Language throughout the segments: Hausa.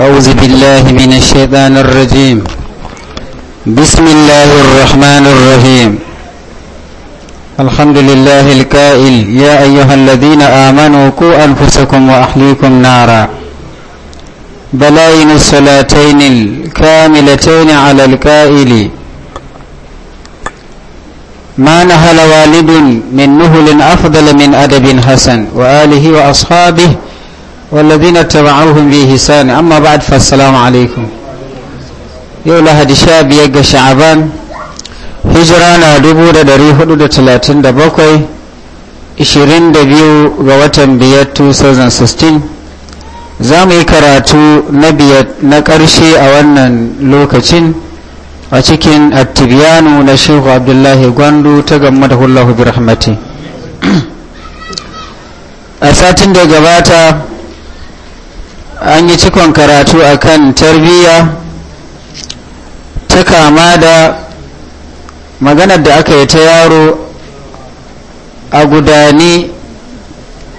أعوذ بالله من الشيطان الرجيم بسم الله الرحمن الرحيم الحمد لله الكائل يا أيها الذين آمنوا كو أنفسكم وأحليكم نارا بلاين الصلاتين الكاملتين على الكائل ما نهل والد من نهل أفضل من أدب حسن وآله وأصحابه والذين اتبعوهم بإحسان أما بعد فالسلام عليكم يولا هدي شاب يقى شعبان هجرانا دبو دا داري حدود تلاتين دا بوكوي ishirin da biyu ga watan biyar 2016 za mu yi karatu na biyar na ƙarshe a wannan lokacin a cikin attibiyanu na shehu abdullahi gwandu ta gamma da hullahu birahmati a satin da gabata an yi cikon karatu akan tarbiyya ta kama da maganar da aka yi ta yaro a gudani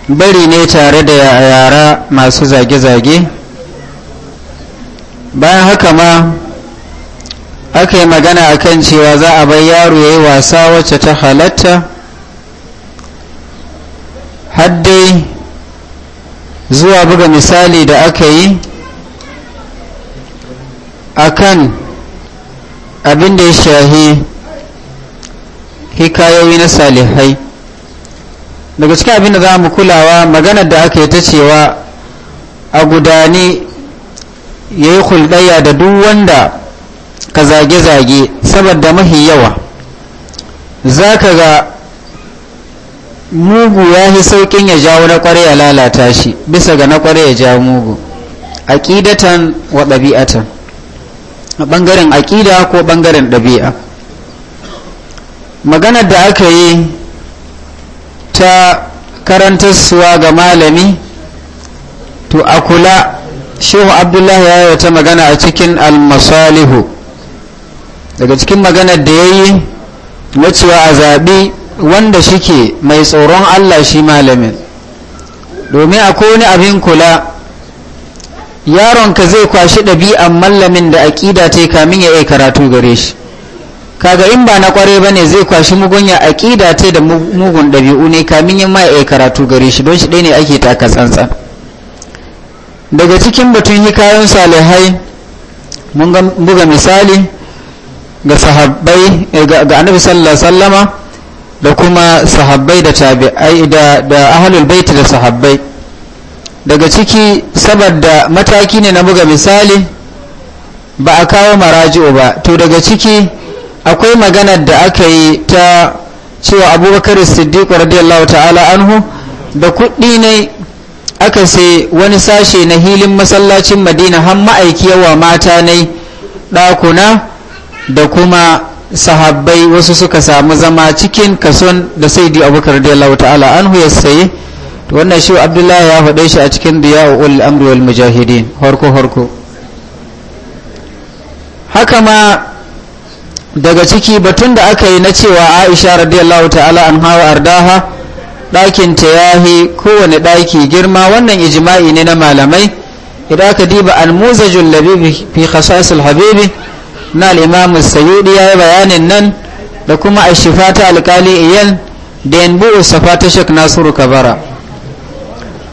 bari ne tare da yara masu zage-zage bayan haka ma aka yi magana a kan cewa za a bar yaro ya yi wasa wacce ta halatta haddai zuwa buga misali da aka yi a kan abin da ya shahi hikayoyi na salihai daga cikin abin da za mu kulawa maganar da aka yi ta cewa a gudani ya yi hulɗaya da duk wanda ka zage-zage saboda mahi yawa za ka ga mugu ya fi saukin ya jawo na kware ya lalata shi bisa ga na kware ya jawo mugu aƙidatan wa ɗabi'atan a ɓangaren aƙida ko ɓangaren ɗabi'a maganar da aka yi ta karantarsuwa ga malami to a kula shehu abdullahi ya yi ta magana a cikin almasalihu daga cikin maganar da ya yi na a zaɓi wanda shike mai tsoron Allah shi malamin domin akwai wani abin kula yaronka zai kwashi ɗabi'an mallamin da aƙida ta kamin ya yi karatu gare shi kaga in ba na ba ne zai kwashi mugunya aƙida ta da mugun ɗabi'u ne kamin ya ma ya karatu gare shi don shi ɗaya ne ake taka tsantsan daga cikin batun hikayen salihai mun buga misali ga sahabbai eh, ga annabi sallallahu alaihi da kuma sahabbai da tabi'ai da da ahlul bait da sahabbai daga ciki saboda mataki ne na buga misali ba a kawo maraji'u ba to daga ciki akwai maganar da aka yi ta cewa abubakar siddiq radiyallahu ta'ala anhu da kuɗi ne aka sai wani sashe na hilin masallacin madina har ma'aiki yawa mata ne ɗakuna da kuma sahabbai wasu suka samu zama cikin kason da di abubakar radiyallahu ta'ala an ya saye to wannan shi abdullahi ya faɗe shi a cikin biya ul amri wal mujahidin harko harko. haka ma daga ciki batun da aka yi na cewa aisha radiyallahu ta'ala an hawa ardaha ɗakin ta yahi kowane ɗaki girma wannan ijma'i ne na malamai idan aka diba almuzajul labibi fi khasasil habibi na limamu sayudi ya yi bayanin nan da kuma a shifa ta alkali iyal da yan bu'u safa ta shek nasiru kabara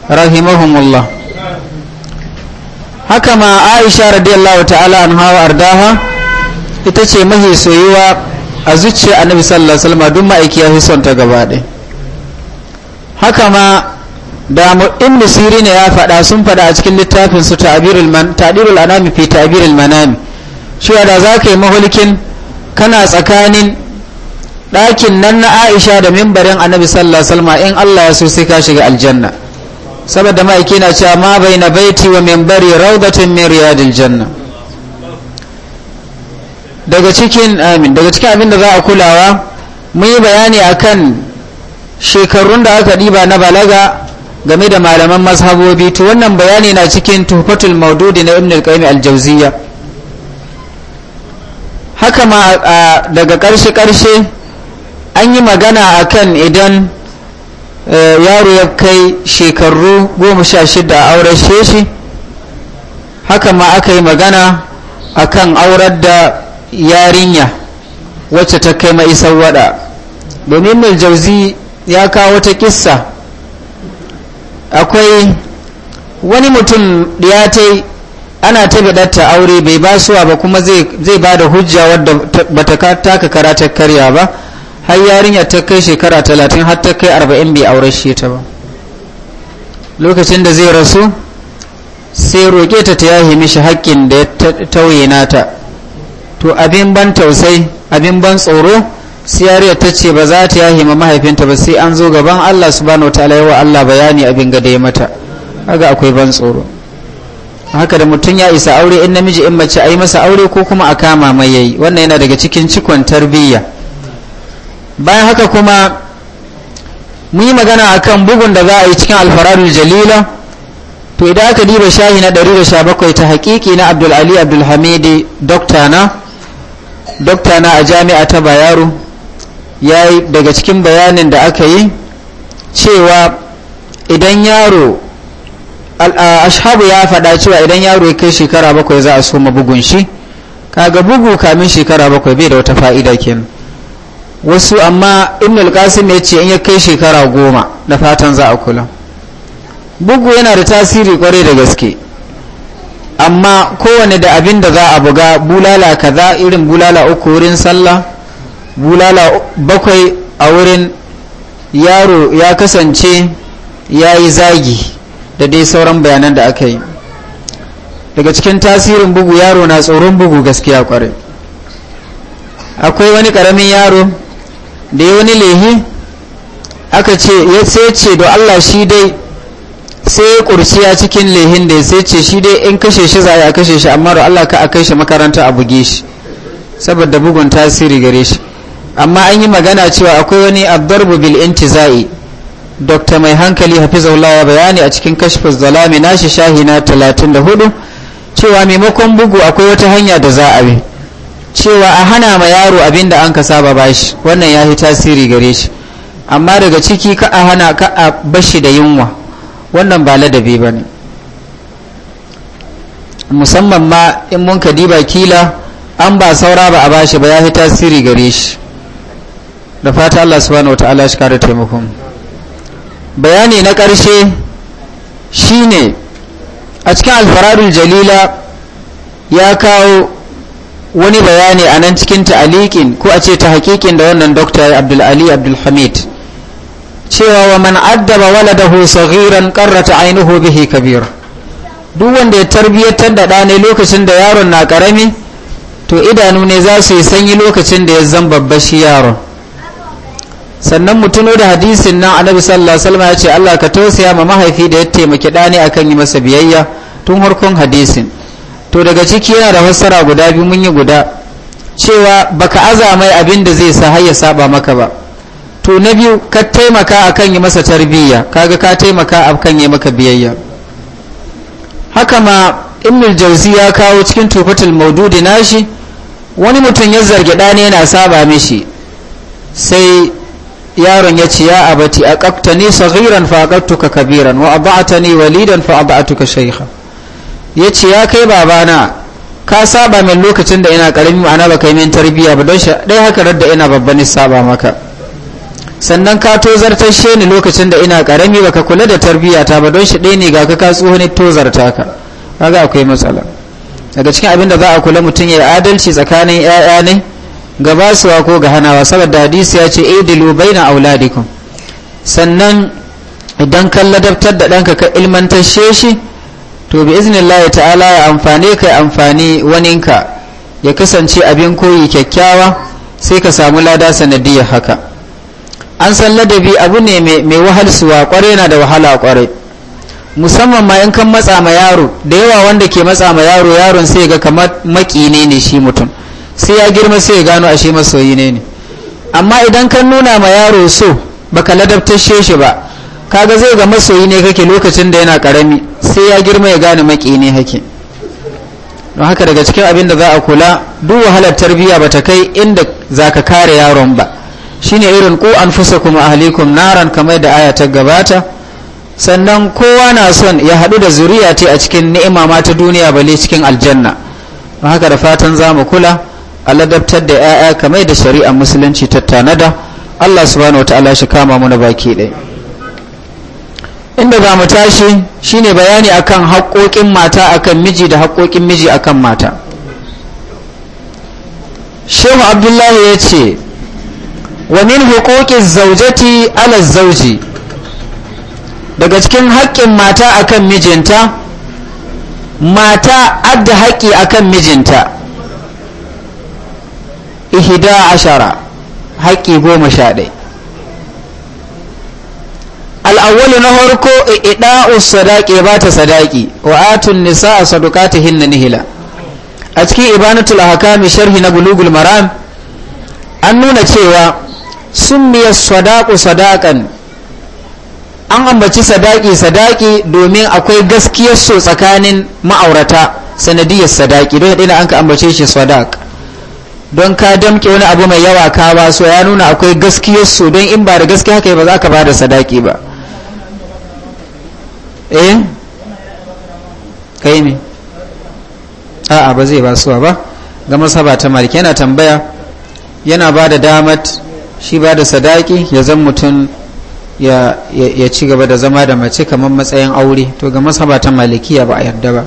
rahimahumullah haka ma aisha radiyallahu ta'ala an hawa ardaha ita ce mahi soyuwa a zuciya annabi sallallahu alaihi wasallam duk ma'aiki ya fi son ta gaba haka ma da ibn sirina ya faɗa sun faɗa a cikin littafin su ta'birul man fi ta'biril manami cewa da za ka yi mahulkin kana tsakanin ɗakin nan na aisha da mimbarin annabi sallallahu alaihi in allah ya so sai ka shiga aljanna saboda ma'aiki na cewa ma bai na baiti wa mimbari raudatun min riyadil janna daga cikin amin daga cikin abin da za a kulawa mun yi bayani akan shekarun da aka diba na balaga game da malaman mazhabobi to wannan bayani na cikin tuhfatul maududi na ibn al-qayyim al jawziyah haka ma daga ƙarshe-ƙarshe an yi magana a kan idan e, yaro ya kai shekaru goma sha shida a auren shi haka ma aka yi magana a kan aurar da yarinya wacce ta kai ma'isar wada domin mai jauzi ya kawo ta kissa akwai wani mutum ya ta ana ta bidatta aure bai ba suwa ba kuma zai ba da hujja wadda bata ta taka karatar karya ba har yarinya ta kai shekara talatin har ta kai arba'in bai aure shi ta ba lokacin da zai rasu sai roƙe ta ta yahi mishi haƙƙin da ya tauye nata to abin ban tausai abin ban tsoro siyariyar ta ce ba za ta yahi ma mahaifinta ba sai an zo gaban allah subhanahu wa ta'ala yawa allah bayani abin ga da mata kaga akwai ban tsoro haka da mutum ya isa aure in namiji in mace a yi masa aure ko kuma a kama mai yayi wannan yana daga cikin cikon tarbiyya bayan haka kuma mun yi magana a kan bugun da za a yi cikin alfararul jalila to idan aka diba shahi na 117 ta hakiki na abdul ali abdul hamidi na dokta na a jami'a ta bayaro ya yi daga cikin bayanin da aka yi cewa idan yaro ashabu ya faɗa cewa idan yaro ya kai shekara bakwai za a soma bugun shi kaga bugu kamin shekara bakwai bai da wata fa'ida kenan wasu amma ibn al ne ya ce in ya kai shekara goma da fatan za a kula bugu yana da tasiri kwarai da gaske amma kowane da abin da za a buga bulala kaza irin bulala uku wurin sallah bulala bakwai a wurin yaro ya kasance ya yi zagi da dai sauran bayanan da aka yi daga cikin tasirin bugu yaro na tsoron bugu gaskiya kwarai akwai wani karamin yaro da ya wani lehi aka ce ya sai ce da Allah shi dai sai ya kurciya cikin lehin da ya sai ce shi dai in kashe shi za a kashe shi amma da Allah ka a kai shi makaranta a buge shi saboda bugun tasiri gare shi amma an yi magana cewa akwai wani abdarbu bil intizai dr mai hankali hafizullah ya bayani a cikin kashfus zalami nashi shahi na 34 cewa maimakon bugu akwai wata hanya da za a bi cewa a hana ma yaro abin da an ka saba bashi wannan ya yi tasiri gare shi amma daga ciki ka a hana ka a bashi da yunwa wannan ba ladabi ba ne musamman ma in mun ka diba kila an ba saura ba a bashi ba ya yi tasiri gare shi da fata Allah subhanahu wa ta'ala shi kare taimakon bayani na ƙarshe shine a cikin alfararul jalila ya kawo wani bayani a nan cikin ta'alikin ko a ce ta hakikin da wannan dokta abdul ali abdul hamid cewa wa man addaba waladahu saghiran qarrata ainihu bihi kabir duk wanda ya tarbiyyatar da ɗane lokacin da yaron na ƙarami to idanu ne za su yi sanyi lokacin da ya zan babba shi yaron sannan mutuno da hadisin nan annabi sallallahu alaihi wasallam ya ce Allah ka tausaya ma mahaifi da ya taimaki ɗani akan yi masa biyayya tun harkon hadisin to daga ciki yana da fassara guda biyu mun yi guda cewa baka aza mai abin da zai sa har ya saba maka ba to na biyu ka taimaka akan yi masa tarbiyya kaga ka taimaka akan yi maka biyayya haka ma ibnul Jawzi ya kawo cikin tufatul maududi nashi wani mutum ya zargi dani yana saba mishi sai yaron ya ce ya abati a ƙaftani saghiran fa aqattuka kabiran wa ne walidan fa ad'atuka shaykha ya ce ya kai babana ka saba min lokacin da ina ƙarami ma'ana ba kai min tarbiyya ba don dai haka da ina babba ne saba maka sannan ka tozartashe ni lokacin da ina ƙarami ba ka kula da tarbiyya ta ba don shi ɗaya ne ga ka ka tsoho ne tozarta ka kaga akwai matsala daga cikin abin da za a kula mutum ya adalci tsakanin 'ya'ya ne ga basuwa ko ga hanawa saboda hadisi ya ce idilu baina auladikum sannan idan kan ladabtar da ɗanka ka ilmantar shi to bi iznillahi ta'ala ya amfane ka amfani waninka ya kasance abin koyi kyakkyawa sai ka samu lada sanadiyar haka an san ladabi abu ne mai wahalsuwa kwarai na da wahala kwarai musamman ma in kan matsa ma yaro da yawa wanda ke matsa ma yaro yaron sai ga kamar makine ne shi mutum sai ya girma sai ya gano ashe masoyi ne ne amma idan ka nuna ma yaro so baka ladabtashe shi ba kaga zai ga masoyi ne kake lokacin da yana karami sai ya girma ya gane maki ne hake don haka daga cikin abin da za a kula duk wahalar tarbiyya bata kai inda zaka kare yaron ba shine irin ku an ahlikum kuma naran kamar da aya ta gabata sannan kowa na son ya hadu da zuriya ta a cikin ni'ima ma ta duniya bale cikin aljanna don haka da fatan za mu kula a ladabtar da 'ya'ya kamar da shari'a musulunci ta tanada allah subhanahu wa ta'ala shi kama mana baki ɗaya inda za mu tashi shine bayani akan haƙoƙin mata akan miji da haƙoƙin miji akan mata shehu abdullahi ya ce wa min hukukin zaujati ala zauji daga cikin haƙƙin mata akan mijinta mata adda haƙƙi akan mijinta ihida ashara haƙƙi goma sha ɗai al'awwalu na harko ida'u sadaƙi ba ta sadaƙi wa atun nisa a sadukata hinna nihila a cikin ibanatul ahkami sharhi na bulugul maram an nuna cewa sun miya sadaƙu sadaƙan an ambaci sadaƙi sadaƙi domin akwai gaskiyar so tsakanin ma'aurata sanadiyar sadaƙi don ɗina an ka ambace shi sadaƙ don ka damke wani abu mai yawa ka ba so ya nuna akwai gaskiyar su don in ba da gaskiya haka ba za ka ba da sadaki ba eh kai ne a'a ba zai ba suwa ba ga masaba ta malik yana tambaya yana ba da damat shi ba da sadaki ya zan mutum ya, ci gaba da zama da mace kamar matsayin aure to ga masaba ta malikiya ba a yarda ba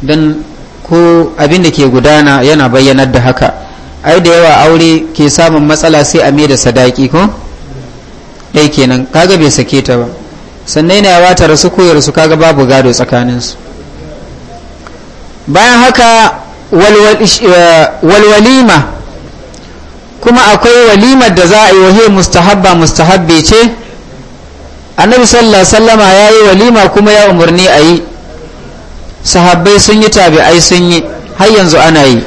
don ko abin da ke gudana yana bayyanar da haka ai da yawa aure ke samun matsala sai a mai da sadaki ko ɗai kenan kaga bai sake ta ba sannan yana yawa ta rasu koyar su kaga babu gado tsakaninsu bayan haka eh, walwalima kuma akwai walimar da za a yi wahe mustahabba mustahabbe ce annabi sallallahu sallama ya yi walima kuma ya umarni a yi sahabbai sun yi tabi'ai sun yi har yanzu ana yi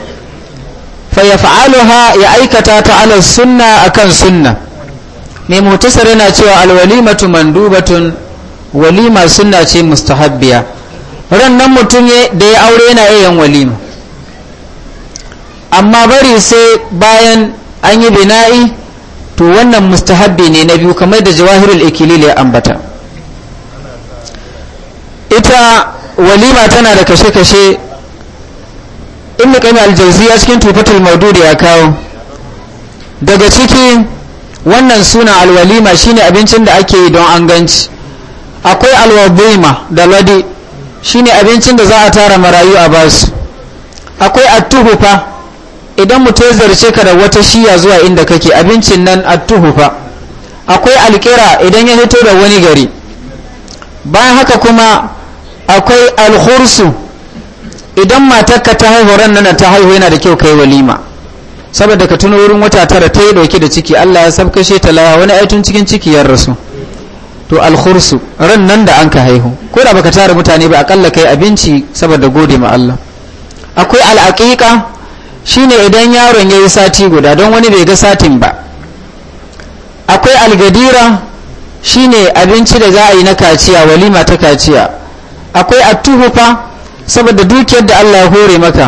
fa ya ya aikata ta ala sunna akan sunna mai mutasar yana cewa alwalimatu mandubatun walima sunna ce mustahabbiya nan mutum da ya aure yana yin walima amma bari sai bayan an yi bina'i to wannan mustahabbi ne na biyu kamar da jawahirul ikilil ya ambata ita walima tana da kashe-kashe in da al-jawziya cikin tufatul mawdud ya kawo daga ciki wannan suna alwalima shine abincin da ake yi don an ganci akwai alwabima da ladi shine abincin da za a tara marayu a basu akwai attuhufa idan mutum zarce ka da wata shiya zuwa inda kake abincin nan attuhufa akwai alkira idan ya hito da wani gari bayan haka kuma akwai alhursu idan matarka ta haihu ran nan ta haihu yana da kyau kai walima saboda ka tuno wurin wata tara ta yi dauke da ciki Allah ya sabkashe ta lawa wani aitun cikin ciki ya rasu to alkhursu ran nan da an ka haihu ko da baka tara mutane ba akalla kai abinci saboda gode ma Allah akwai al'aqiqa shine idan yaron yayi sati guda don wani bai ga satin ba akwai algadira shine abinci da za a yi na kaciya walima ta kaciya akwai attuhufa saboda dukiyar da Allah ya hore maka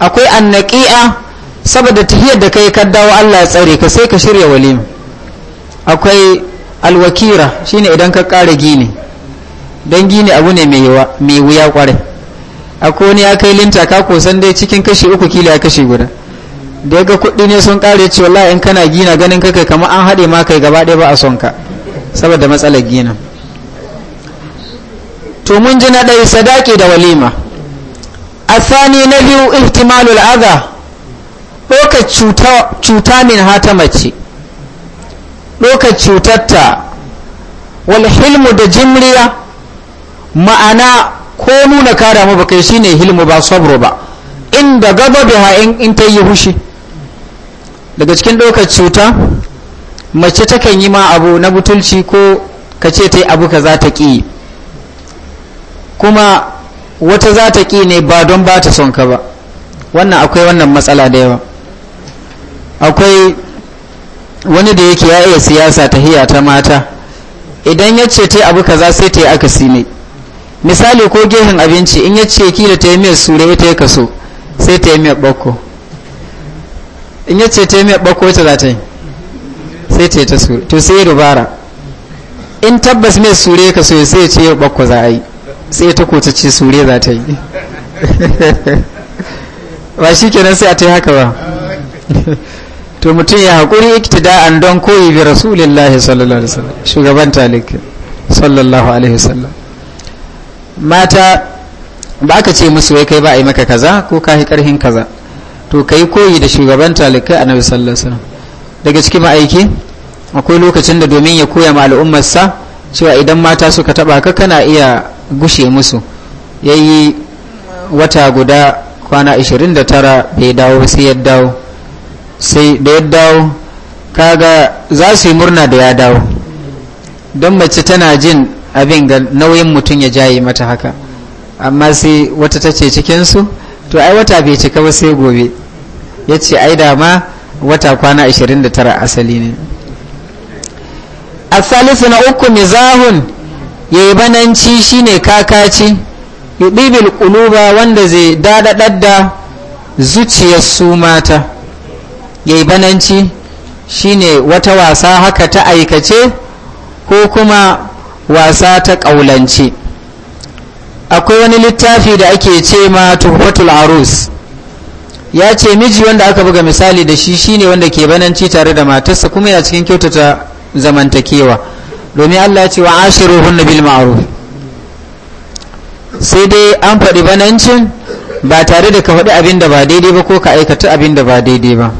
akwai annaqi'a saboda tahiyar da kai ka dawo Allah ya tsare ka sai ka shirya walima akwai alwakira shine idan ka kare gini don gini abu ne mai wuya kwarai akwai wani ya kai linta ka kosan dai cikin kashi uku kila ya kashi guda da ya ga kuɗi ne sun kare cewa in kana gina ganin kaka kamar an haɗe ma kai gaba ɗaya ba a son ka saboda matsalar ginin. to mun ji na ɗaya sadaki da walima a sani na biyu ihtimalul aza ɗoka cuta min hata mace ɗaukar cutatta wal hilmu da jimriya ma'ana ko nuna kara mu shi shine hilmu ba sabro ba inda gaba biha in ta yi hushi daga cikin ɗaukar cuta mace ta kan yi ma abu na butulci ko ka ce ta yi abu ka za ta ƙi kuma wata za ta ƙi ne ba don ba ta son ka ba wannan akwai wannan matsala da yawa akwai wani da yake ya iya siyasa ta hiya ta mata idan ya ce ta abu kaza sai ta yi akasi ne misali ko gehen abinci in ya ce ki da ta yi mai sure ita ya kaso sai ta yi mai bako in ya ce ta yi mai bako ta za ta yi sai ta yi ta sura to sai ya dubara in tabbas mai sura ya kaso sai ya ce ya bako za a yi sai ta kota ce sure za ta yi ba shi kenan sai a ta yi haka ba to mutum ya haƙuri iktida'an don koyi bi rasulillahi sallallahu alaihi wasallam shugaban talik sallallahu alaihi wasallam mata ba ka ce musu wai kai ba a yi maka kaza ko ka yi karhin kaza to ka yi koyi da shugaban talikai nabi sallallahu alaihi wasallam daga cikin ma'aiki akwai lokacin da domin ya koya ma al'ummarsa cewa idan mata suka taba ka kana iya gushe musu ya yi wata guda kwana 29 bai dawo sai ya dawo sai da ya dawo kaga za su yi murna da ya dawo don mace tana jin abin ga nauyin mutum ya jaye mata haka amma sai wata ta ce cikinsu to ai wata bai cika ba sai gobe ya ce ai dama wata kwana 29 asali ne a salisu na uku mizahun bananci shine kakaci yudibil kuluba wanda zai daɗaɗar da zuciyar su mata bananci shine wata wasa haka ta aikace ko kuma wasa ta ƙaulance akwai wani littafi da ake ce ma tuhfatul arus ya ce miji wanda aka buga misali da shi shine wanda ke bananci tare da matarsa kuma ya cikin kyautata zamantakewa domin Allah ya ce wa ashiruhunna bil ma'ruf sai dai an faɗi banancin ba tare da ka faɗi abin da ba daidai ba ko ka aikata abin da ba daidai ba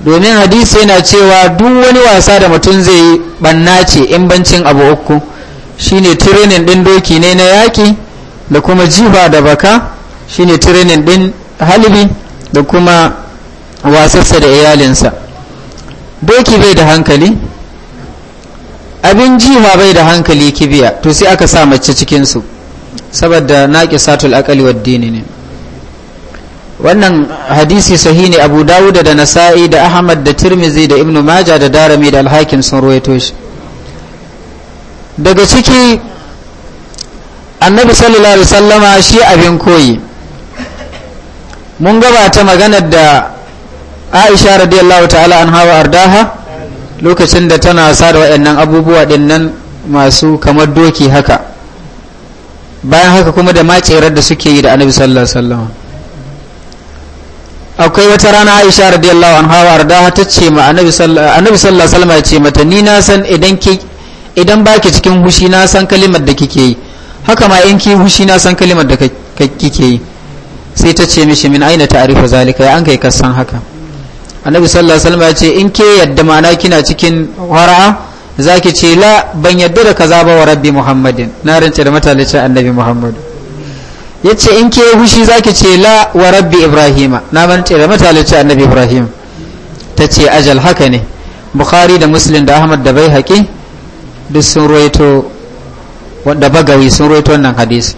domin hadisi yana cewa duk wani wasa da mutum zai yi banna ce in bancin abu uku shine tirenin din doki ne na yaki da kuma jiba da baka shine tirenin din halibi da kuma wasarsa da iyalinsa doki bai da hankali abin ma bai da hankali kibiya to sai aka sa mace cikinsu saboda naqisatul aqli wad dini ne wannan hadisi sahi ne abu dawud da nasa'i da ahmad da tirmizi da ibnu maja da darami da alhakim sun ruwaito shi daga ciki annabi sallallahu alaihi wasallama shi abin koyi mun gabata maganar da aisha radiyallahu ta'ala an hawa ardaha lokacin da tana sada da waɗannan abubuwa ɗin nan masu kamar doki haka bayan haka kuma da macerar da suke yi da annabi sallallahu alaihi wasallam akwai wata rana Aisha radiyallahu anha wa arda ta ce ma annabi sallallahu alaihi wasallam ya ce mata ni na san idan ki idan baki cikin hushi na san kalimar da kike yi haka ma in ki hushi na san kalimar da kike yi sai ta ce mishi min aina ta'rifu zalika ya an kai kasan haka annabi sallallahu alaihi wasallam ya ce in ke yadda mana kina cikin wara'a zaki ce la ban yadda da kaza ba wa rabbi muhammadin na rance da matalicin annabi muhammad yace in ke hushi zaki ce la wa rabbi ibrahima na rance da matalicin annabi ibrahim ta ce ajal haka ne bukhari da muslim da ahmad da bai haƙi duk sun ruwaito da bagawi sun ruwaito wannan hadisi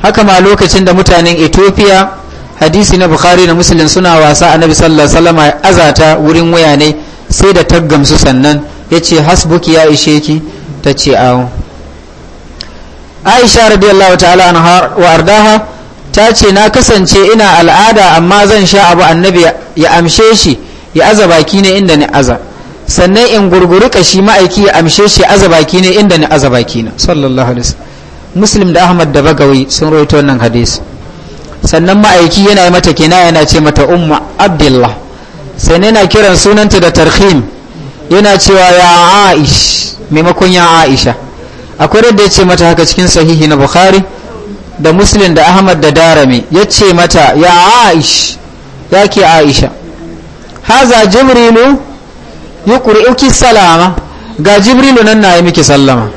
haka ma lokacin da mutanen ethiopia hadisi na bukhari da musulun suna wasa annabi sallallahu alaihi wasallam azata wurin waya ne sai da taggamsu sannan yace hasbuki ya ishe ki ce awo aisha radiyallahu ta'ala wa ardaha ta ce na kasance ina al'ada amma zan sha abu annabi ya amshe shi ya aza baki ne inda ni aza sannan in gurguri kashi ma'aiki ya amshe shi aza baki ne inda ni aza baki na sallallahu alaihi wasallam muslim da ahmad da bagawi sun rawaito wannan hadisi sannan ma'aiki yana yi mata kina yana ce mata umma abdullah sai yana kiran sunanta da tarhim yana cewa ya aish maimakon ya aisha akwai da ya ce mata haka cikin sahihi na bukhari da muslim da ahmad da darami ya ce mata ya aish ya ke aisha haza jibrilu yi ƙuri'uki salama ga jibrilu nan na yi miki sallama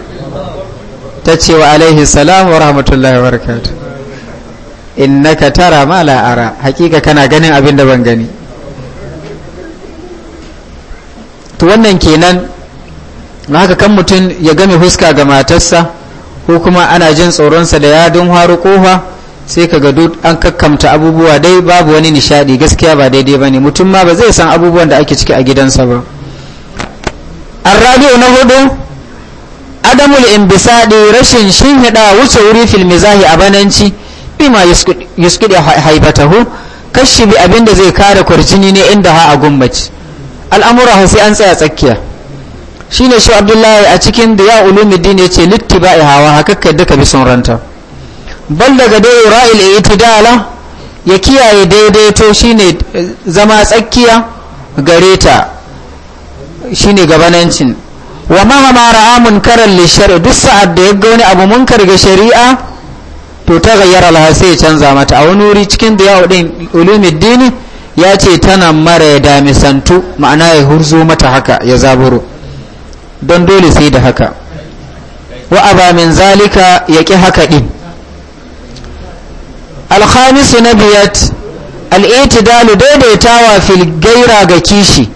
ta ce wa alaihi salam wa rahmatullahi wa barakatuh innaka tara ma la hakika kana ganin abin da ban gani to wannan kenan na haka kan mutum ya game fuska ga matarsa ko kuma ana jin tsoronsa da yadon haru kofa sai ka gado an kakkamta abubuwa dai babu wani nishadi gaskiya ba daidai ba ne mutum ma ba zai san abubuwan da ake ciki a gidansa ba arrabi'u na hudu adamul imbisadi rashin shin hida wuce wuri filmi zahi a bananci bima yuskidi haibatahu kashi bi abinda zai kare kwarjini ne inda ha a gummaci al'amura sai an tsaya tsakiya shine shi abdullahi a cikin da ya ulumuddin ya ce littiba'i hawa hakakka duka bi sun ranta bal daga dai ra'il itidala ya kiyaye daidaito shine eh, zama tsakiya gare ta shine gabanancin wa mahama ra'amun karar lishar duk sa'ad da ya ga abu munkar ga shari'a to ta gayyara laha sai canza mata a wani wuri cikin da yawo din ulumiddini ya ce tana mara ya damisantu ma'ana ya hurzo mata haka ya zaburo don dole sai da haka wa aba min zalika ya ƙi haka ɗin alhamisu na biyat al'itidalu daidaitawa fil gaira ga kishi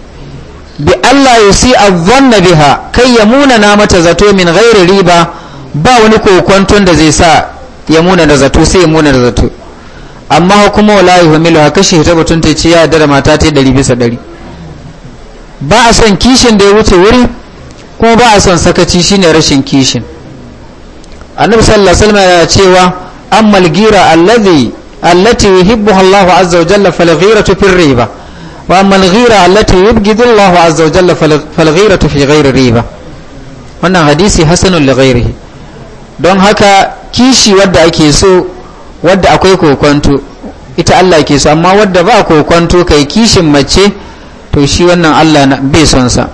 bi Allah ya yusi azzanna biha kai ya munana mata zato min gairi riba ba wani kokonton da zai sa ya muna da zato sai ya muna da zato amma kuma wala yuhmilu ha kashe ta batun ta ce ya da mata ta dari bisa dari ba a son kishin da ya wuce wuri kuma ba a son sakaci shine rashin kishin annabi sallallahu alaihi wasallam ya cewa ammal gira allazi allati yuhibbuha Allahu azza wa jalla fal ghiratu fi riba wa allati yubghidu Allahu azza wa jalla fal ghiratu fi ghairi riba wannan hadisi hasanun li ghairihi don haka kishi wadda ake so wadda akwai kokonto ita Allah ke so amma wadda ba kokonto kai kishin mace to shi wannan Allah bai son sa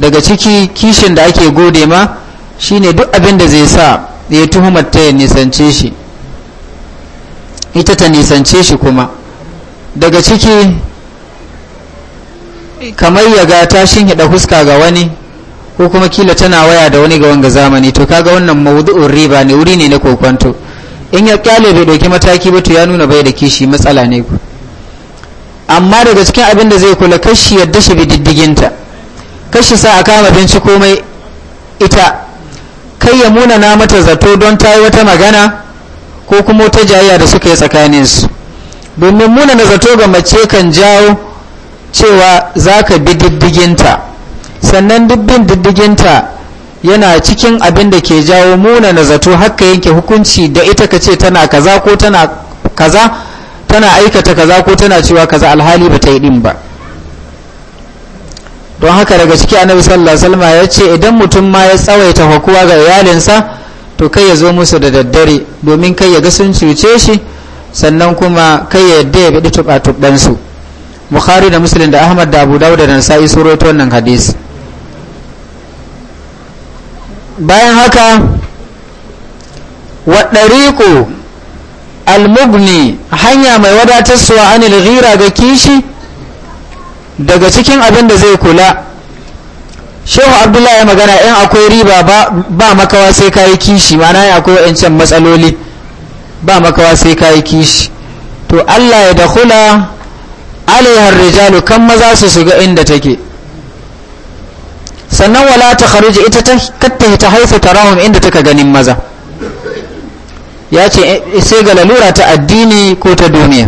daga ciki kishin da ake gode ma shine duk abin da zai sa ya tuhumar ta ya nisance shi ita ta nisance shi kuma daga ciki kamar ya ga tashin hida huska ga wani ko kuma kila tana waya da wani ga wanga zamani to kaga wannan mawdu'un riba ne wuri ne na kokwanto in ya kyale bai dauki mataki ba to ya nuna bai da kishi matsala ne ku amma daga cikin abin da zai kula kashi yadda shi bididdiginta kashi sa a kama binci komai ita kai ya muna na mata zato don ta yi wata magana ko kuma wata jayya da suka yi su domin muna na zato ga mace kan jawo cewa za ka bi diddiginta sannan dubbin diddiginta yana cikin abin da ke jawo muna na zato haka yanke hukunci da ita ka ce tana kaza ko tana kaza tana aikata kaza ko tana cewa kaza alhali ba ta yi din ba don haka daga ciki annabi sallallahu alaihi wasallam ya ce idan mutum ma ya tsawaita hukuwa ga iyalinsa to kai ya zo musu da daddare domin kai ya ga sun cuce shi sannan kuma kai ya yadda ya bi tuba tubansu bukhari da muslim da ahmad da abu dawud da nasa'i suratu wannan hadisi bayan haka al almugni hanya mai wadatar wadatarsuwa anil ilghira ga kishi daga cikin abin da zai kula shehu abdullahi ya magana in akwai riba ba makawa sai kayi kishi mana ya akwai wa'ancan matsaloli ba makawa sai kayi kishi to allah ya da kula alaihar rijalu kan maza su shiga inda take sannan wala ta kharuji ita ta katta ta haifu tarahum inda taka ganin maza ya ce eh, sai ga lalura ta addini ko ta duniya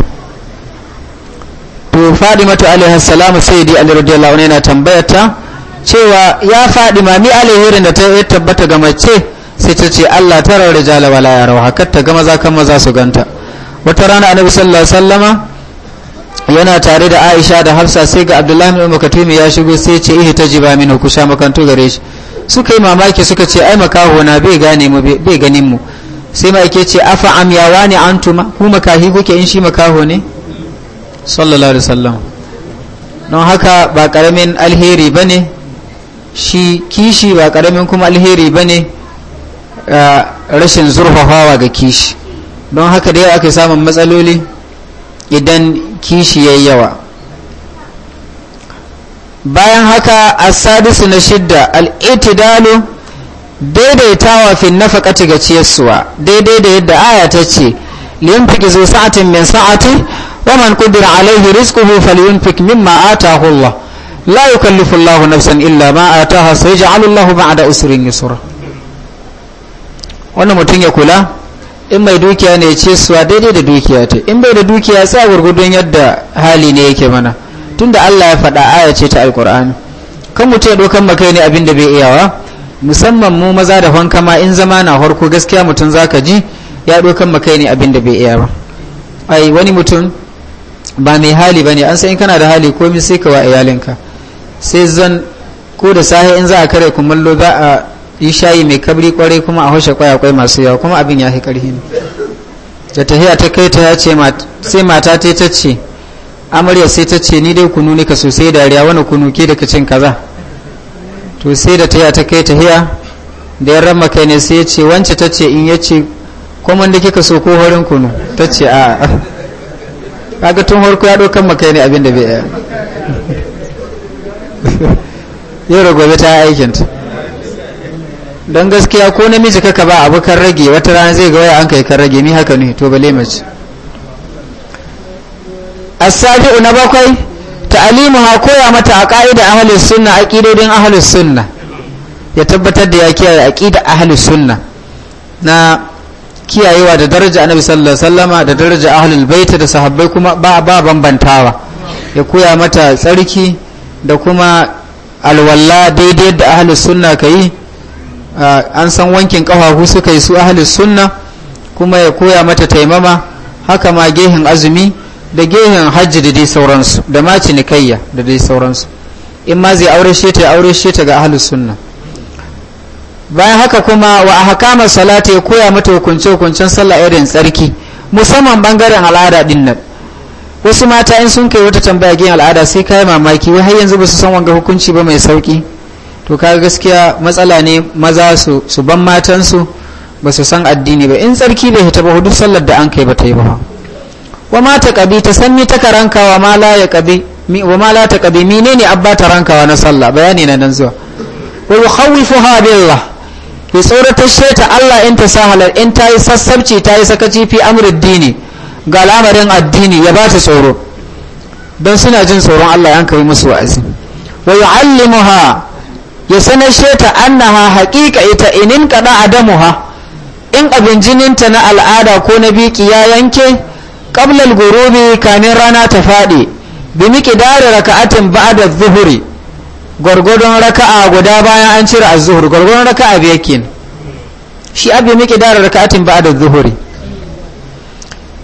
to fadimatu alaihi salamu sayyidi ali radiyallahu anha yana tambayar ta cewa ya fadima mi rin da ta tabbata ga mace sai ta ce Allah tara rijala wala yarawa hakka ta ga maza kan maza su ganta wata rana annabi sallallahu alaihi wasallama yana tare da aisha da hafsa sai ga abdullahi bin makatumi ya shigo sai ce ihi ta jiba min ku sha makanto gare shi suka yi mamaki suka ce ai makaho na bai gane mu bai ganin mu sai ma yake ce afa am ya wani antuma ku makahi kuke in shi makaho ne sallallahu alaihi wasallam don haka ba karamin alheri bane shi kishi ba karamin kuma alheri bane rashin zurfafawa ga kishi don haka dai aka samun matsaloli idan kishi yawa bayan haka asadisu na shidda al'itidalu daidaitawa fi nafaqati ga ciyarsuwa daidai da yadda aya ta ce limfiki zo sa'atin min sa'ati wa man qadira alayhi rizquhu falyunfiq mimma ataahu Allah la yukallifu Allahu nafsan illa ma ataaha sai Allahu ba'da usrin yusra wannan mutum ya kula in mai dukiya ne ce suwa daidai da dukiya ta in bai da dukiya sa gurgudun yadda hali ne yake mana tunda Allah ya faɗa aya ce ta alkur'ani kan mu ce dokan kai ne abin da bai iyawa musamman mu maza da hankama in zama na harko gaskiya mutum zaka ji ya dokan kai ne abin da bai iya ba ai wani mutum ba mai hali bane an san in kana da hali komai sai ka wa iyalinka sai zan ko da sahi in za a kare kumallo za a yi mai kabri kwarai kuma a kwaya kwayakwai masu yawa kuma abin ya fi ƙarfi ne da tahiya ta kai ta ce sai mata ta ta ce amarya sai ta ce ni dai kunu ne ka sosai dariya wani kunu ke daga cin kaza to sai da tahiya ta kai tahiya da ya rama kai ne sai ya ce wance ta ce in ya ce kuma da kika so ko horin kunu ta ce a kaga tun harko ya ɗaukan makai ne abin da bai yau da gobe ta aikinta don gaskiya ko namiji kaka ba abu kan rage wata rana zai ga waya an kai kan rage ni haka ne to bale mace asabi'u na bakwai ta'alimu ha koya mata a ka'ida suna sunna aqidodin ahlus sunna ya tabbatar da ya kiyaye aqida ahlus sunna na kiyayewa da daraja annabi sallallahu alaihi wasallama da daraja ahlul baita da sahabbai kuma ba ba bambantawa ya koya mata tsarki da kuma alwala daidai da ahl-suna sunna kai an san wankin kafafu suka yi su ahalis sunna kuma ya koya mata taimama haka ma gehen azumi da gehen hajji da dai sauransu da ma cinikayya da dai sauransu in ma zai aure shi ta aure shi ta ga ahalis sunna bayan haka kuma wa ahkama salati ya koya mata hukunce hukuncen sallah irin tsarki musamman bangaren al'ada din nan wasu mata in sun kai wata tambaya gehen al'ada sai kai mamaki wai har yanzu ba su san wanga hukunci ba mai sauki to ka gaskiya matsala ne maza su su ban matansu ba su san addini ba in tsarki bai hita ba hudu sallar da an kai ba ta yi ba wa ma ta kabi ta san mi ta wa ma la ya kabi wa ma la abba ta rankawa na sallah bayani na nan zuwa wa yukhawifuha billah ya tsorata sheta Allah in ta sahalar in ta yi sassabci ta yi sakaci fi amurin dini ga al'amarin addini ya ba ta tsoro don suna jin tsoron Allah yanka kai musu wa'azi wa yu'allimuha ya sanar sheta annaha haƙiƙa ita inin kaɗa ha in abin jininta na al'ada ko na biki ya yanke ƙablal gurubi kamin rana ta faɗi bi miƙidari raka'atin ba'da zuhuri gwargwadon raka'a guda bayan an cire a zuhur gwargwadon raka'a biyakin shi abin miƙidari raka'atin ba'da zuhuri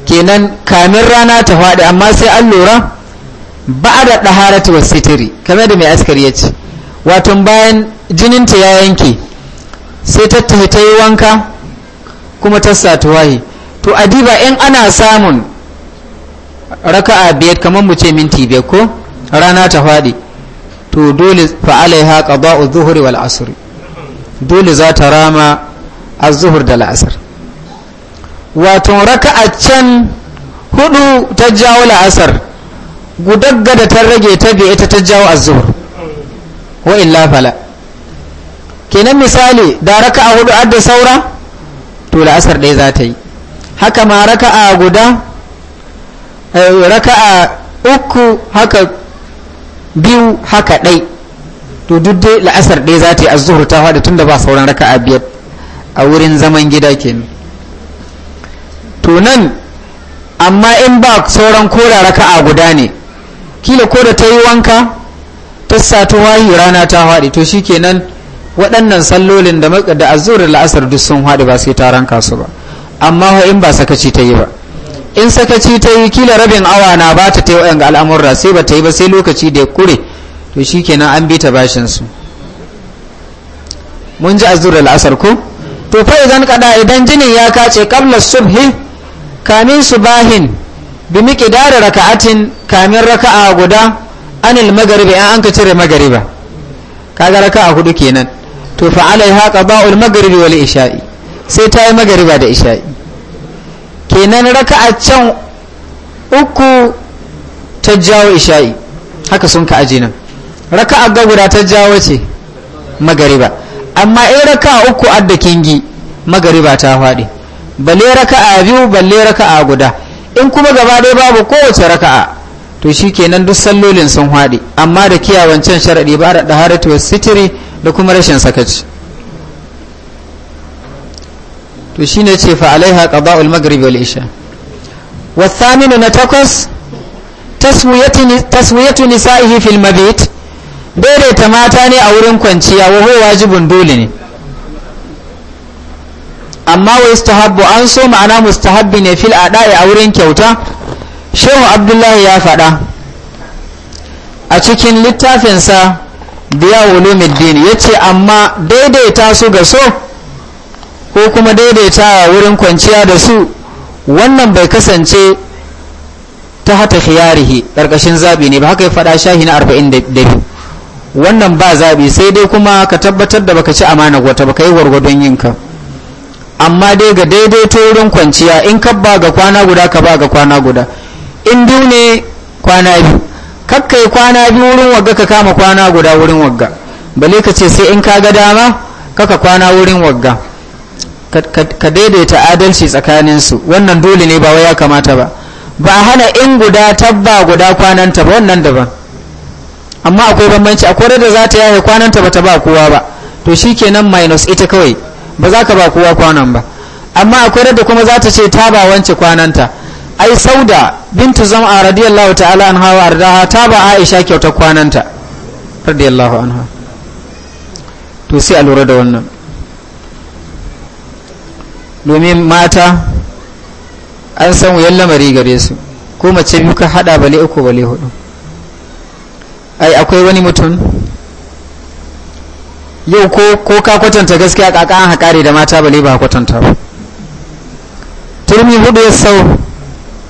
kenan kamin rana ta faɗi amma sai an lura ba'da ɗaharatu was sitiri kamar da mai askari ya ce watan bayan jininta ya yanke sai ta tafi ta yi wanka kuma ta wahi to adiba in ana samun raka'a biyar kamar mu ce minti biyar ko rana ta faɗi to dole fa'alaiha qada'u zuhri wal asr dole za ta rama az zuhur da la'asar wato raka'a can hudu ta jawo la'asar gudaggada ta rage ta bi ita ta jawo az zuhur. wa illa fala kenan misali da raka a hudu adda saura to la'asar ɗaya za ta yi haka ma raka'a guda eh, raka'a uku haka biyu haka ɗai to duk dai la'asar ɗaya za ta yi azuhur ta hada tunda ba sauran raka a biyar a wurin zaman gida kenan to nan amma in ba sauran raka a guda ne kila ko da ta yi wanka ta wayi rana ta haɗe to shikenan waɗannan sallolin da da azur la'asar duk sun haɗe ba sai ta ranka su ba amma in ba sakaci ta yi ba in sakaci ta yi kila rabin awa na ba ta tai wayan al'amurra sai ba ta yi ba sai lokaci da ya kure to shikenan an bi ta bashin su mun ji azur la'asar ko to fa idan kada idan jinin ya kace qabla subhi kamin subahin bi miqdar raka'atin kamin raka'a guda anil magaribi an an ka cire magariba kaga raka a hudu kenan to fa alaiha qada'ul magaribi wal isha'i sai ta yi magariba da isha'i kenan raka a can uku ta jawo isha'i haka sun ka aji nan raka a guda ta jawo ce magariba amma in raka uku adda kingi magariba ta faɗi balle raka a biyu balle raka a guda in kuma gaba dai babu kowace raka'a to shi kenan duk sallolin sun haɗe amma da kiyawancin sharaɗi ba da ɗaharatu wa sitiri da kuma rashin sakaci to shi ne ce fa'alaiha ƙaba'ul ulmagari wal isha wasaminu na takwas taswiyatu nisa'ihi fil mabit daidaita mata ne a wurin kwanciya wa wajibin dole ne amma wa an so ma'ana mustahabbi ne fil ada'i a wurin kyauta shehu abdullahi ya faɗa a cikin littafinsa biya ulumuddin ya ce amma daidaita su ga so ko kuma daidaita wurin kwanciya da su wannan bai kasance ta hata khiyarihi ƙarƙashin zaɓi ne ba haka ya faɗa shahi na 42 wannan ba zaɓi sai dai kuma ka tabbatar da baka ci amana wata baka yi gwargwadon yinka amma dai ga daidaito wurin kwanciya in ka ba ga kwana guda ka ba ga kwana guda in biyu ne kwana biyu yi kwana biyu wurin wagga ka kama kwana guda wurin wagga bale ka ce sai in ka ga dama kaka kwana wurin wagga ka daidaita adalci tsakaninsu wannan dole ne ba wai ya kamata ba ba hana in guda tabba guda kwananta ba wannan daban amma akwai bambanci akwai rada za ta yaya kwananta ba ta ba kowa ba to shi kenan minus ita kawai ba za ka ba kowa kwanan ba amma akwai rada kuma za ta ce ta ba wance kwananta ai sauda bintu zam'a radiyallahu ta'ala an hawa ardaha ta ba aisha kyautar kwananta radiyallahu anha to sai a lura da wannan domin mata an san wuyan lamari gare su ko mace biyu ka hada bale uku bale hudu ai akwai wani mutum yau ko ko ka kwatanta gaskiya kaka an haƙare da mata bale ba kwatanta ba turmi hudu ya sau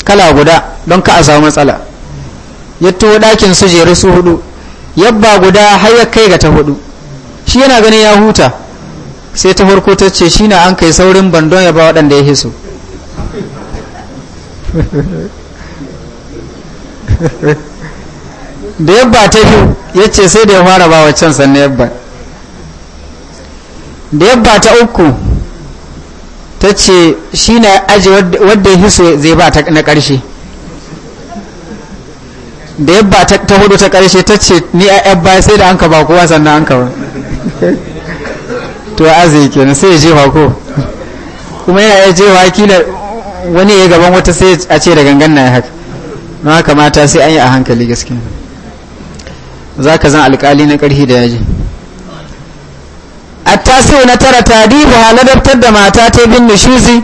kala guda don ka a samu matsala ya tuwo ɗakin su jeru su hudu yabba guda har ya kai ga ta hudu shi yana ganin ya huta sai ta farko ta ce shi na an kai saurin bandon ya ba waɗanda ya hiso da yabba ta fi ya ce sai da ya fara ba waccan sannan yabba da yabba ta uku ta ce shi na aji wadda ya hiso zai ba ta na ƙarshe da ya ba ta hudu ta ƙarshe ta ce ni a yabba sai da an ka ba kowa sannan an ka ba to ke kenan sai ya jefa ko kuma yana ya jefa kila wani ya gaban wata sai a ce da gangan na ya haka na kamata sai an yi a hankali gaske za ka zan alkali na ƙarfi da yaji attasiu na tara tadibu haladabtar da mata ta bin nushuzi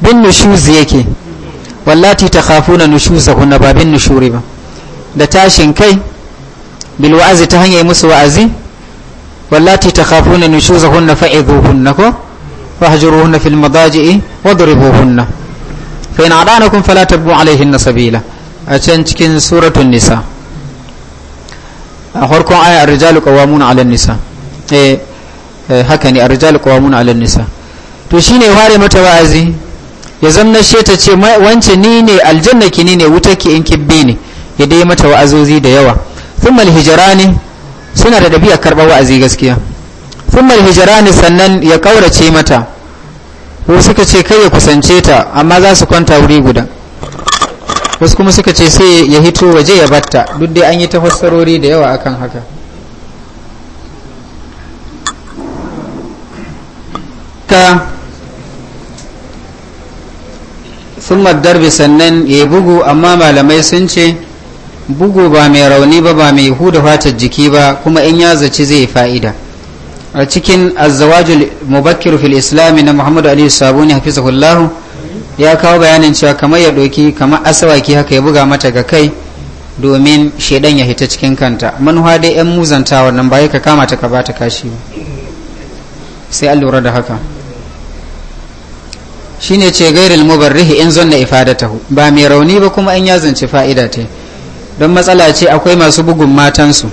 bin nushuzi yake wallati ta khafuna nushuzahunna ba bin nushuri ba da tashin kai bil wa'azi ta hanyar musu wa'azi wallati ta khafuna nushuzahunna fa'idhuhunna ko fahjuruhunna fil madaji'i wadribuhunna fa in adanakum fala tabu alaihinna sabila a can cikin suratun nisa a farkon aya ar-rijalu qawwamuna 'ala an-nisa eh Eh, haka ne a rijal qawamuna alal nisa to shine ware mata wa'azi ya zanna shi ta ce wance ni ne aljanna ki ni ne wuta ki in kibbe ne ya dai mata wa'azozi da yawa thumma alhijrani suna da dabi'a karba wa'azi gaskiya thumma alhijrani sannan ya kaurace mata ko suka ce kai ya kusance ta amma za su kwanta wuri guda wasu kuma suka ce sai ya hito waje ya batta duk dai an yi ta fassarori da yawa akan haka makka sun darbi sannan ya yi bugu amma malamai sun ce bugu ba mai rauni ba ba mai huda fatar jiki ba kuma in ya zaci zai fa'ida a cikin azawajul mubakir fil islami na muhammadu aliyu sabuni hafizahullahu ya kawo bayanin cewa kamar ya doki kamar asawaki haka ya buga mata ga kai domin shaidan ya hita cikin kanta manuwa dai 'yan muzanta nan ba ka kama ta ka ba ta kashi sai an lura da haka shine ce gairil mubarrihi in zanna ifadatahu ba mai rauni ba kuma in ya zance fa'ida ta don matsala ce akwai masu bugun matansu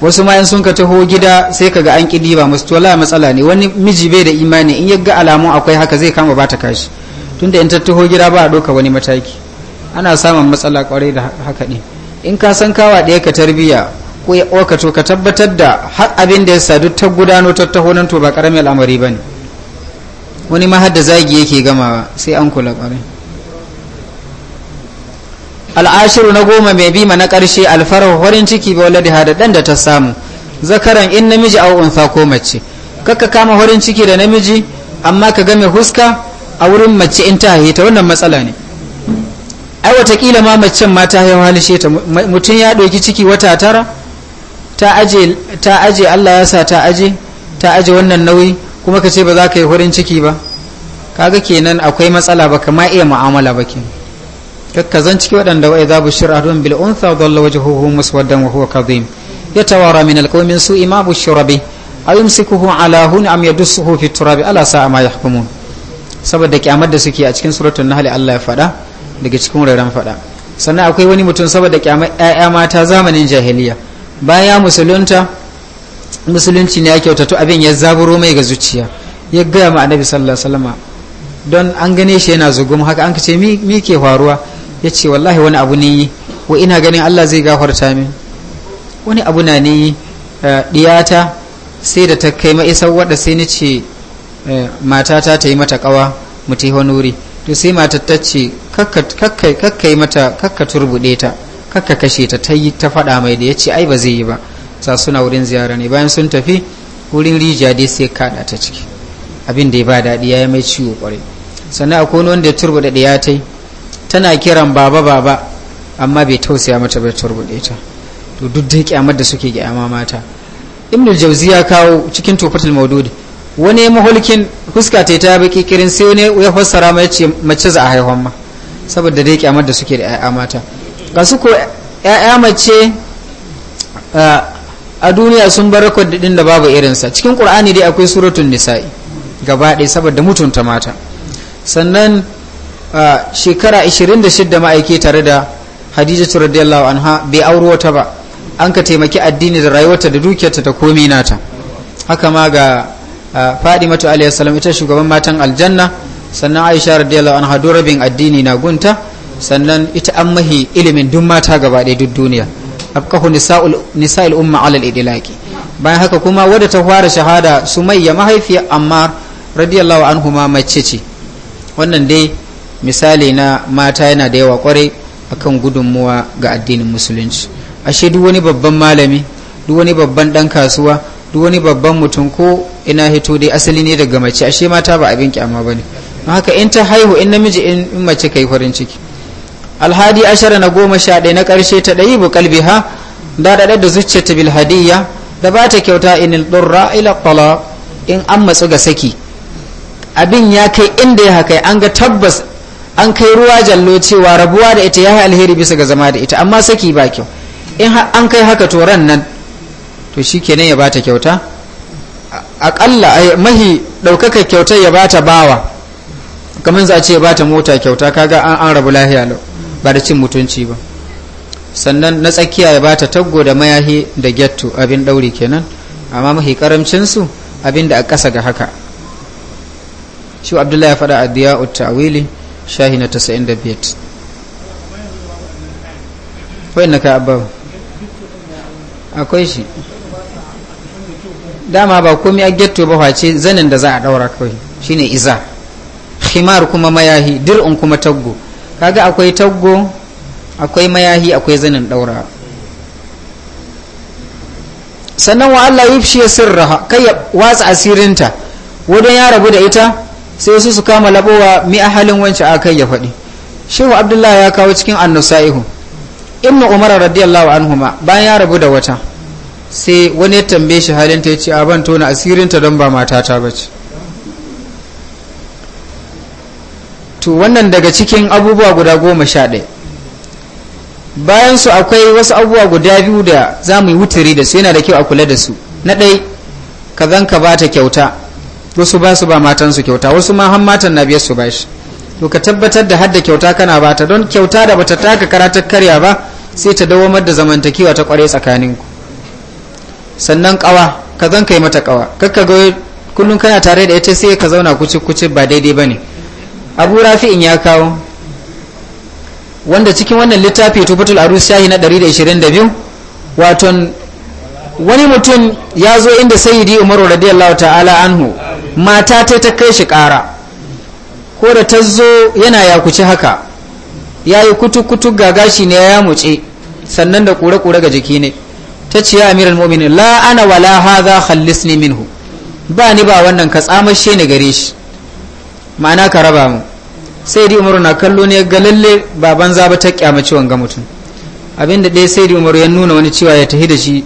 wasu ma in sun ka taho gida sai kaga an kidi ba musu tola matsala ne wani miji bai da imani in ya ga alamun akwai haka zai kama ba ta kashi tunda in ta taho gida ba a doka wani mataki ana samun matsala kwarai da haka ne in ka san kawa ɗaya ka tarbiya ko ya ka to ka tabbatar da har abin da ya sadu ta gudano ta taho nan to ba karamin al'amari ba ne wani ma har da zagi yake gamawa sai an kula kwarai al'ashiru na goma mai bima na ƙarshe alfarar warin ciki ba wala da dan da ta samu zakaran in namiji au unsa ko mace kaka kama warin ciki da namiji amma ka game huska a wurin mace in ta haihe ta wannan matsala ne ai watakila ma macen ma ta haihu halishe ta mutum ya ɗauki ciki wata tara ta aje allah ya sa ta aje ta aje wannan nauyi kuma ka ce ba za ka yi hurin ciki ba kaga kenan akwai matsala ba ka ma iya mu'amala ba ke kakkazan ciki waɗanda wa'i za bu shira don bil unsa dalla wajhuhu muswaddan wa huwa kadhim yatawara min alqawmin ima ma bushira bi ayumsikuhu ala hun am yadussuhu fi turabi ala sa'a ma yahkumun saboda kyamar da suke a cikin suratul nahl Allah ya faɗa daga cikin rairan faɗa sannan akwai wani mutum saboda kyamar ƴaƴa mata zamanin jahiliya baya musulunta musulunci ne ya kyautatu abin ya zaburo mai ga zuciya ya gaya ma annabi sallallahu alaihi wasallam don an gane shi yana zugum haka an ce mi ke faruwa ya ce wallahi wani abu ne wa ina ganin Allah zai gafarta min wani abu na ne diyata eh, sai da ta kai ma'isa wadda sai ni ce eh, matata ta yi mata kawa mu honuri to sai matar ta ce kakka yi mata kakka turbude ta kakka kashe ta ta yi ta faɗa mai da ya ce ai ba zai yi ba sa suna wurin ziyara ne bayan sun tafi wurin rijiya dai sai kada ta ciki abin da ya ba daɗi ya yi mai ciwo kwarai sannan akwai wani wanda ya da ɗaya ta yi tana kiran baba baba amma bai tausaya mata bai turbuɗe ta to duk da kyamar da suke kyama mata ibnul jauzi ya kawo cikin tofatul maududi wani mahulkin huska ta ta baki kirin sai wani ya fassara mai ce mace za a haihuwan ma saboda dai kyamar da suke da ƴaƴa mata ga su ko ƴaƴa mace ah, a duniya sun bar record din da babu irin sa cikin qur'ani dai akwai suratun nisa'i gaba ɗaya saboda mutunta mata sannan shekara 26 ma'aiki tare da hadijatu radiyallahu anha bai auro wata ba an ka taimaki addini da rayuwarta da dukiyarta ta komai nata haka ma ga fadimatu alayhi salam ita shugaban matan aljanna sannan aisha radiyallahu anha dorabin addini na gunta sannan ita an mahi ilimin duk mata gaba ɗaya duk duniya abqahu nisa'il umma alal idlaqi bayan haka kuma wadda ta fara shahada sumayya mahaifiyar ammar radiyallahu anhu ma mace ce wannan dai misali na mata yana da yawa kwarai akan gudunmuwa ga addinin musulunci ashe duk wani babban malami duk wani babban dan kasuwa duk wani babban mutum ko ina hito dai asali ne daga mace ashe mata ba abin kyama bane haka in ta haihu in namiji in mace kai farin ciki alhadi ashara na goma sha ɗaya na ƙarshe ta ɗayi bu kalbiha da daɗe da zuciya ta bilhadiyya da ba ta kyauta in ɗurra ila ƙwala in an matsu ga saki abin ya kai inda ya haka an ga tabbas an kai ruwa jallo cewa rabuwa da ita ya yi alheri bisa ga zama da ita amma saki ba kyau in an kai haka to ran nan to shi kenan ya ba ta kyauta aƙalla mahi ɗaukaka kyautar ya ba ta bawa kamar za a ce ya ba ta mota kyauta kaga an rabu lahiya lau ba da cin mutunci ba sannan na tsakiya ya bata taggo da mayahi da getto abin ɗauri kenan amma mahi karamcinsu abin da a ƙasa ga haka shi abdullahi ya faɗa a diya ta'wili shahi na 95 wayan na ka abawa akwai shi dama ba komai a getto ba face zanen da za a ɗaura kawai shine iza khimar kuma mayahi dir'un kuma taggo kaga akwai taggo akwai mayahi akwai zanin daura sannan wa Allah yufshi sirraha kai ya watsa asirinta wadan ya rabu da ita sai su su kama labowa mi ahalin wancan kai ya faɗi shehu abdullahi ya kawo cikin annusa'ihu ibnu umar radiyallahu anhuma bayan ya rabu da wata sai wani ya tambaye shi halin ta ya ce a ban tona asirinta don ba mata ta bace. to wannan daga cikin abubuwa guda goma sha ɗaya bayan su akwai wasu abubuwa guda biyu da za mu yi wuturi da su yana da kyau a kula da su na ɗai ka zan ka ba ta kyauta wasu ba su ba matansu kyauta wasu ma har matan na biyar su ba shi to ka tabbatar da hadda kyauta kana ba ta don kyauta da bata taka karatar karya ba sai ta dawamar da zamantakewa ta kware tsakaninku sannan kawa ka zan yi mata kawa kakka ga kullum kana tare da ita sai ka zauna kuci kuci ba daidai ba ne abu rafi'in ya kawo wanda cikin wannan littafi tufatul arus shahi na 122 wato wani mutum ya zo inda sayidi umaru radiyallahu ta'ala anhu mata ta ta kai shi kara ko da ta zo yana ya yakuci haka ya yi kutu-kutu ga gashi ne ya muce sannan da kura-kura ga jiki ne ta ce ya amiral mominin la wala haza hallis ne minhu ba ni ba wannan ka tsamashe ni gare shi ma'ana ka raba mu sai di umaru na kallo ne ga lalle ba banza ba ta kyamaci wanga mutum abinda ɗaya sai di umaru ya nuna wani cewa ya tahi da shi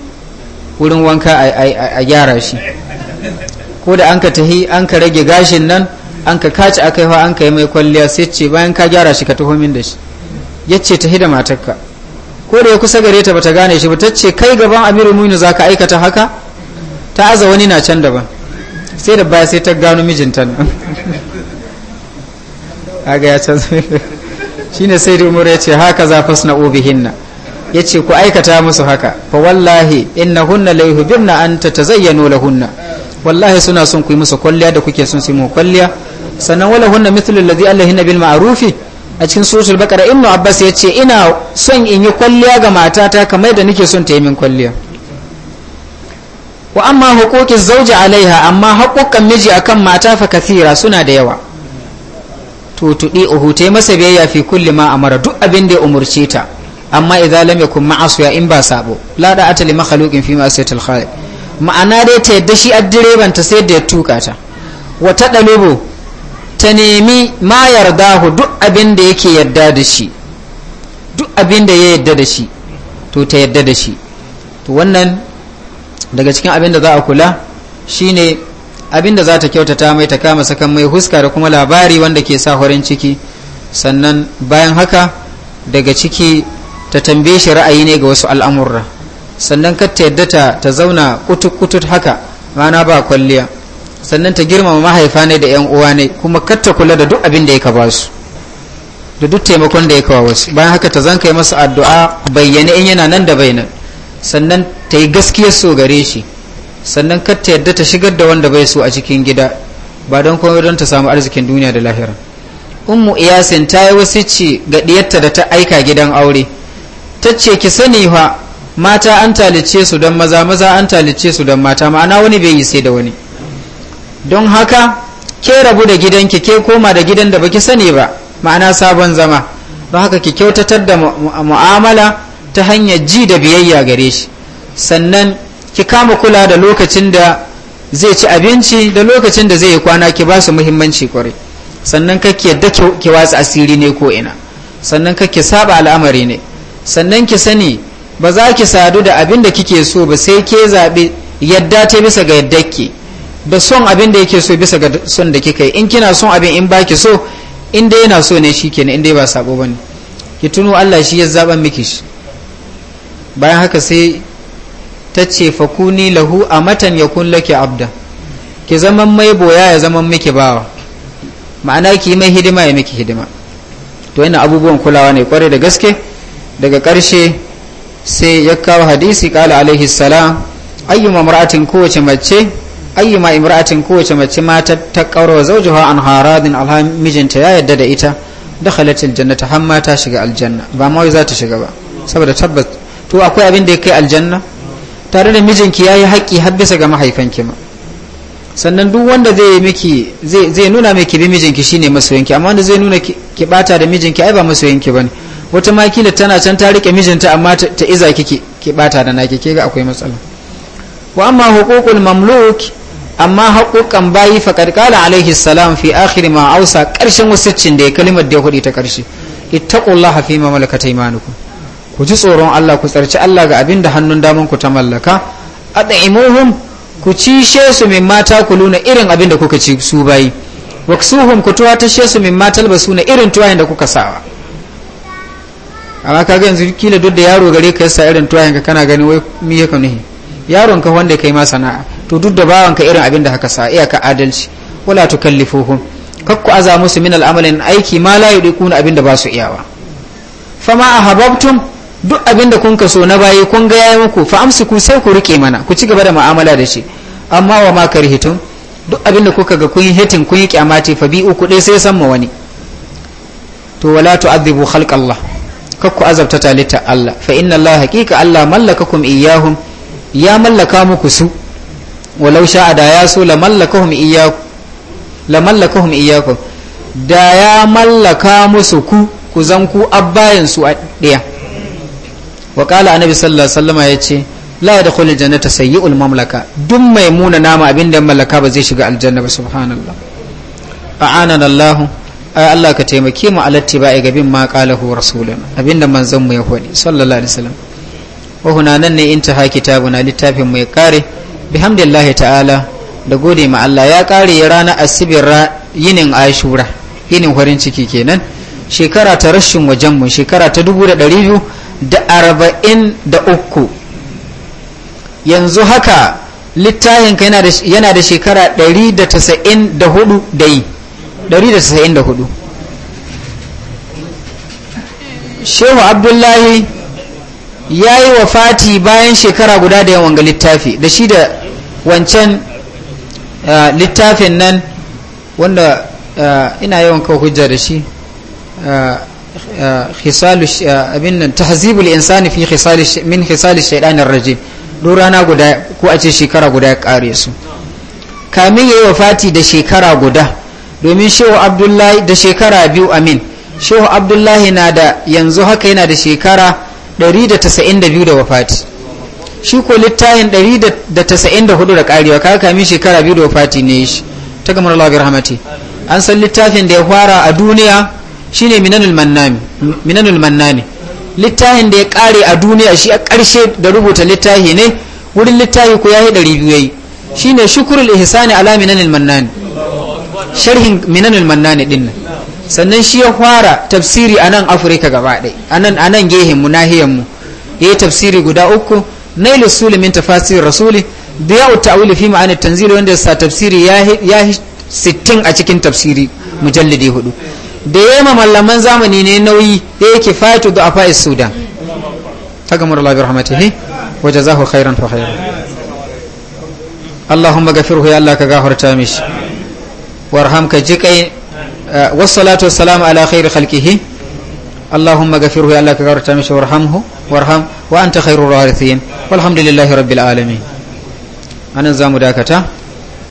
wurin wanka a gyara shi ko da an ka tahi an ka rage gashin nan an ka kaci a fa an ka yi mai kwalliya sai ce bayan ka gyara shi ka taho min da shi ya ce tahi da matarka ko da ya kusa gare ta bata gane shi ba ta ce kai gaban amirul za ka aikata haka ta aza wani na can daban sai da baya sai ta gano mijinta nan kaga ya canza shine sai da umar ya ce haka za fasna ubihinna ya ce ku aikata musu haka fa wallahi hunna la yuhibbuna an tatazayyanu lahunna wallahi suna son ku yi musu kwalliya da kuke son su kwalliya sannan wala hunna mithlu alladhi allahinna bil ma'rufi a cikin suratul baqara ibnu abbas ya ce ina son in yi kwalliya ga matata kamar da nake son ta yi min kwalliya wa amma huquqiz zawji alaiha amma haƙoƙan miji akan mata fa kathira suna da yawa Tutuɗi tudi uhu masa biyayya fi kulli ma amara duk abin da ya umurce ta amma idza lam yakun ma'asiya in ba sabo la da ata li makhluqin fi ma'asiyatil khaliq ma'ana dai ta yadda shi addireban ta sai da ya tuka ta wata ta ta nemi ma yardahu duk abin da yake yadda da shi duk abin da ya yadda da shi to ta yadda da shi to wannan daga cikin abin da za a kula shine abinda za ta kyautata mai ta kama sakan mai huska da kuma labari wanda ke sa horin ciki sannan bayan haka daga ciki ta tambaye shi ra'ayi ne ga wasu al'amurra sannan kar ta yadda ta zauna kutut haka mana ba kwalliya sannan ta girmama mahaifa ne da yan uwa ne kuma kar ta kula da duk abin da ya ba su da duk taimakon da ya kawo wasu bayan haka ta zanka yi masa addu'a bayyane in yana nan da bai nan sannan ta yi gaskiyar so gare shi sannan kar ta yadda ta shigar da wanda bai so a cikin gida ba don kuma don ta samu arzikin duniya da lahira ummu iyasin ta yi ce ga diyarta da ta aika gidan aure ta ce ki sani fa mata an talice su don maza maza an talice su don mata ma'ana wani bai yi sai da wani don haka ke rabu da gidanki ke koma da gidan da baki sani ba ma'ana sabon zama don haka ki kyautatar da mu'amala ta hanyar ji da biyayya gare shi sannan ki kama kula da lokacin da zai ci abinci da lokacin da zai yi kwana ki ba su muhimmanci kwarai sannan kake yadda ki watsa asiri ne ko ina sannan kake saba al'amari ne sannan ki sani ba za ki sadu da abin da kike so ba sai ke zaɓi yadda ta bisa ga yadda ki da son abin da yake so bisa ga son da kika yi in kina son abin in baki so in dai yana so ne shi ne in dai ba sabo ne ki tuno Allah shi ya zaɓa miki shi bayan haka sai ta ce fakuni lahu a matan ya kun laki abda ki zaman mai boya ya zaman miki bawa ma'ana ki mai hidima ya miki hidima to yana abubuwan kulawa ne kwarai da gaske daga karshe sai ya kawo hadisi kala alaihi salam ayyuma mar'atin kowace mace ayyuma imra'atin kowace mace mata ta wa zawjuha an haradin alham mijinta ya yadda da ita dakhalat aljannata ta hamma ta shiga aljanna ba ma za ta shiga ba saboda tabbas to akwai abin da ya kai aljanna tare da mijinki ya yi haƙƙi har bisa ga mahaifanki ma sannan duk wanda zai miki zai nuna mai ki mijinki shine masoyinki amma wanda zai nuna ki bata da mijinki ai ba masoyinki bane wata ma kila tana can ta rike mijinta amma ta iza kike ki bata da naki ke ga akwai matsala wa amma huququl mamluk amma haƙuƙan bayi faqad qala alaihi salam fi akhir ma ausa ƙarshen wasiccin da ya kalimar da ya hudi ta ƙarshe ittaqullaha fi ma malakat aymanukum ku ji tsoron Allah ku tsarci Allah ga abin da hannun daman ku ta mallaka ad'imuhum ku she su min mata ku luna irin abin da kuka ci su bayi waksuhum ku tuwa she su min mata na irin tuwayen da kuka sawa amma kaga yanzu kila duk da yaro gare ka yasa irin tuwayen ka kana gani wai mi ya nuhi yaron ka wanda kai ma sana'a to duk da bawan ka irin abin da haka sa iyaka adalci wala tukallifuhum kakku azamu su min al'amalin aiki ma la yudiquna abin da ba su iyawa fama ahababtum duk abin da kun kaso na baye kun ga yayi muku fa amsiku sai ku rike mana ku ci gaba da mu'amala da shi amma wa ma karihitum duk abin da kuka ga kun yi hitin kun yi kyamati fa bi uku dai sai san ma wani to wala tu'adhibu khalqallah kakku azabta talita Allah fa inna Allah haqiqa Allah mallakakum iyyahum ya mallaka muku su walau sha'a da ya so la mallakahum iyyakum la mallakahum iyyakum da ya mallaka musu ku ku zan ku abbayan su a ɗaya wa qala annabi sallallahu alaihi wasallam ya ce la yadkhul aljannata sayyi'ul mamlaka duk mai muna nama abin da mallaka ba zai shiga aljanna ba subhanallah a'anana Allah ay Allah ka taimake mu alatti ba ga bin ma qalahu rasulun da manzon mu ya faɗi sallallahu alaihi wasallam wa hunanan ne intaha kitabuna littafin mu ya kare bihamdillahi ta'ala da gode ma Allah ya kare ranar asibira yinin ashura yinin farin ciki kenan shekara ta rashin wajen wajenmu shekara ta dubu da ɗari biyu da arba'in da uku yanzu haka littahinka yana da shekara 194 da yi 194 shehu abdullahi ya yi wa fati bayan shekara guda da yawan ga littafi da shi da wancan uh, littafin nan wanda uh, ina yawan kawo hujja da shi uh, khisalu abin nan tahzibul insani fi khisali min khisali shaytanir rajim duk rana guda ko a ce shekara guda ya kare su kamin yayi wafati da shekara guda domin shehu abdullahi da shekara biyu amin shehu abdullahi na da yanzu haka yana da shekara 192 da wafati shi ko littayin 194 da karewa kaga kamin shekara biyu da wafati ne shi ta gamar Allah bi rahmati an san littafin da ya fara a duniya shine ne minanul mannani littafin da ya kare a duniya shi a karshe da rubuta littafi ne wurin littafi ko yayi 200 yayi shine shukrul ihsani ala minanul mannani sharhin minanul mannani din nan sannan shi ya fara tafsiri a nan afirka gaba ɗai a nan gehen mu nahiyanmu ya yi tafsiri guda uku nailu suli min tafasir rasuli biya ta'wili fi ma'anar tanzili wanda sa tafsiri ya yi sittin a cikin tafsiri mujallidi hudu da ya mallaman zamani ne nauyi ya yi kifayatu da afa sudan ta gamar Allah bi rahmatihi wa khairan fa khairan Allah ka mishi eh, ala Allah ka mishi warham wa walhamdulillahi rabbil alamin anan zamu dakata